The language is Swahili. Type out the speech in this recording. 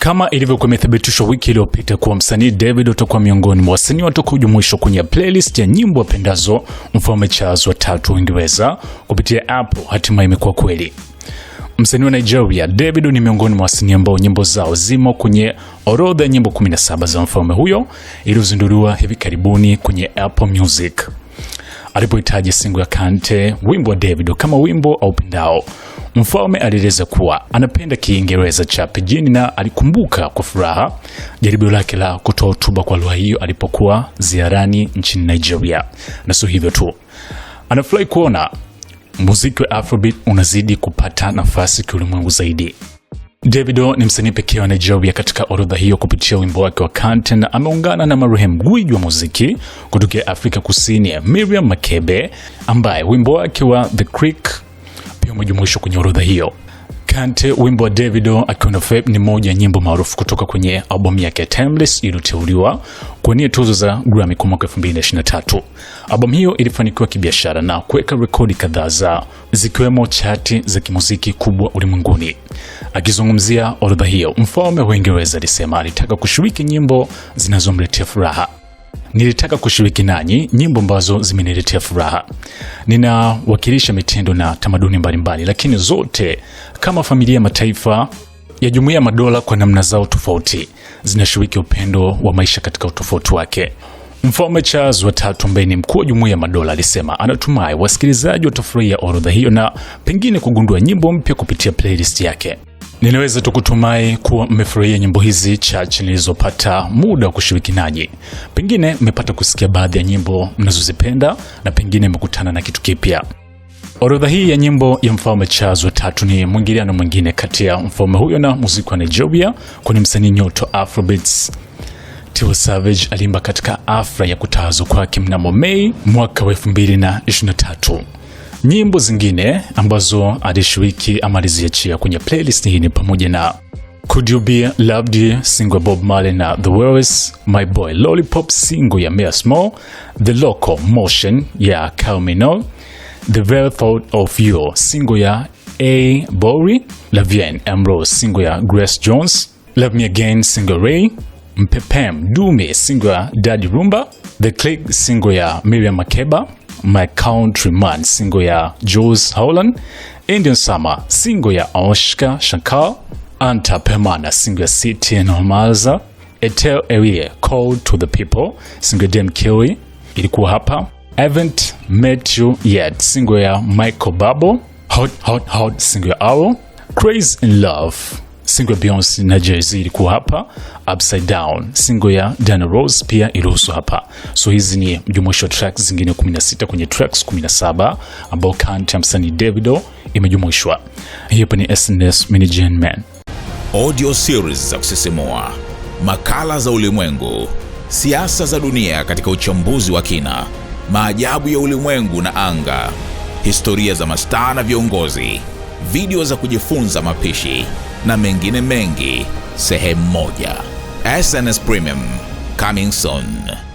Kama ilivyokuwa imethibitishwa wiki iliyopita kuwa msanii David atakuwa miongoni mwa wasanii watakaojumuishwa kwenye playlist ya nyimbo wapendazo Mfalme Charles wa tatu Uingereza kupitia Apple, hatimaye imekuwa kweli. Msanii wa Nigeria Davido ni miongoni mwa wasanii ambao nyimbo zao zimo kwenye orodha ya nyimbo 17 za mfalme huyo iliyozinduliwa hivi karibuni kwenye Apple Music alipohitaji singo ya Kante, wimbo wa Davido kama wimbo au pendao Mfalme alieleza kuwa anapenda Kiingereza cha pijini na alikumbuka kwa furaha jaribio lake la kutoa hotuba kwa lugha hiyo alipokuwa ziarani nchini Nigeria. Na sio hivyo tu, anafurahi kuona muziki wa Afrobeat unazidi kupata nafasi kiulimwengu zaidi. Davido ni msanii pekee wa Nigeria katika orodha hiyo kupitia wimbo wake wa Kante na ameungana na marehemu gwiji wa muziki kutokea Afrika Kusini Miriam Makebe ambaye wimbo wake wa The Creek wamejumuishwa kwenye orodha hiyo. Kante, wimbo wa Davido akiwa na Feb ni moja ya nyimbo maarufu kutoka kwenye albamu yake Timeless iliyoteuliwa kuwania tuzo za Grammy kwa mwaka 2023. Albamu hiyo ilifanikiwa kibiashara na kuweka rekodi kadhaa za zikiwemo chati za kimuziki kubwa ulimwenguni. Akizungumzia orodha hiyo, mfalme wa Uingereza alisema alitaka kushiriki nyimbo zinazomletea furaha Nilitaka kushiriki nanyi nyimbo ambazo zimeniletea furaha. Ninawakilisha mitendo na tamaduni mbalimbali, lakini zote kama familia ya mataifa ya Jumuiya ya Madola kwa namna zao tofauti zinashiriki upendo wa maisha katika utofauti wake. Mfalme Charles wa tatu ambaye ni mkuu wa Jumuiya ya Madola alisema anatumai wasikilizaji watafurahia orodha hiyo na pengine kugundua nyimbo mpya kupitia playlist yake. Ninaweza tu kutumai kuwa mmefurahia nyimbo hizi chache nilizopata muda wa kushiriki nanyi. Pengine mmepata kusikia baadhi ya nyimbo mnazozipenda na pengine mmekutana na kitu kipya. Orodha hii ya nyimbo ya Mfalme Charles wa tatu ni mwingiliano mwingine kati ya mfalme huyo na muziki wa Nigeria, kwani msanii nyoto Afrobeats Tiwa Savage aliimba katika afra ya kutawazwa kwake mnamo Mei mwaka wa 2023. Nyimbo zingine ambazo alishiriki ama aliziachia kwenye playlist hii ni pamoja na Could You Be Loved single Bob Marley na The Worries, My Boy Lollipop single ya Mia Small, The Local Motion ya Kylie The Very Thought of You single ya A La Lavienne Ambrose single ya Grace Jones, Love Me Again single Ray, Mpepem Dume single ya Daddy Rumba, The Click single ya Miriam Makeba My Country Man, singo ya Jules Holland, Indian Summer, singo ya oshka Shankar, Anta Permana, singo ya City Nomaza, Etel area Call to the People, singo ya kiwi ilikuwa hapa. Haven't Met You Yet, singo ya Michael Babo, Hot Hot Hot, singo ya owl Crazy in Love singo ya Beyonce na Jay-Z ilikuwa hapa, Upside Down. Singo ya Diana Ross pia ilihusu hapa. So hizi ni mjumuisho tracks zingine 16 kwenye tracks 17 ambao Kant ya msanii Davido imejumuishwa. Hiyo ni SNS Mini Man. Audio series za kusisimua, makala za ulimwengu, siasa za dunia katika uchambuzi wa kina, maajabu ya ulimwengu na anga, historia za mastaa na viongozi, video za kujifunza mapishi na mengine mengi sehemu moja. SNS Premium coming soon.